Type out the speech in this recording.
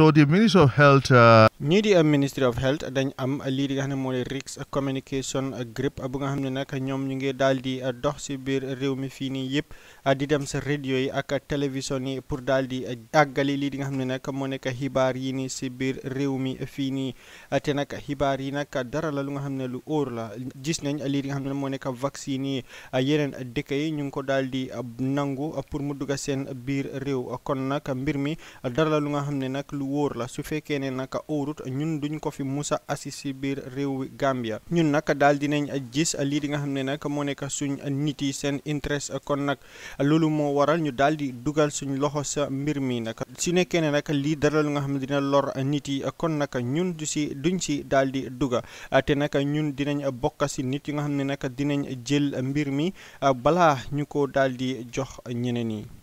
so the Ministry of Health. Uh, ñii di uh, Ministry of Health dañ am lii di nga xam ne moo di risk communication group bu nga xam ne nag ñoom ñu ngi daal di uh, dox si biir réew mi fii nii yëpp di dem sa radio yi ak télévision yi pour daal di àggali lii di nga xam ne nag moo nekk xibaar yi nii si biir réew mi fii nii te nag xibaar yi nag dara la lu nga xam ne lu óor la gis nañ lii di nga xam ne moo nekk vaccine yi yeneen dëkk yi ñu ngi ko daal di nangu pour mu dugg seen biir réew kon nag mbir mi dara la lu nga xam ne nag lu wóor la su fekkee ne naka óorut ñun duñ ko fi musa asi si biir réew Gambia ñun nag daal dinañ gis lii di nga xam ne nag moo nekk suñ nit yi seen interest kon nag loolu moo waral ñu daal di dugal suñu loxo sa mbir mi nag su nekkee ne nag lii dara lu nga xam ne dina lor nit yi kon nag ñun du si duñ si daal di duga te nag ñun dinañ bokk si nit yi nga xam ne nag dinañ jël mbir mi balaa ñu ko daal jox ñeneen yi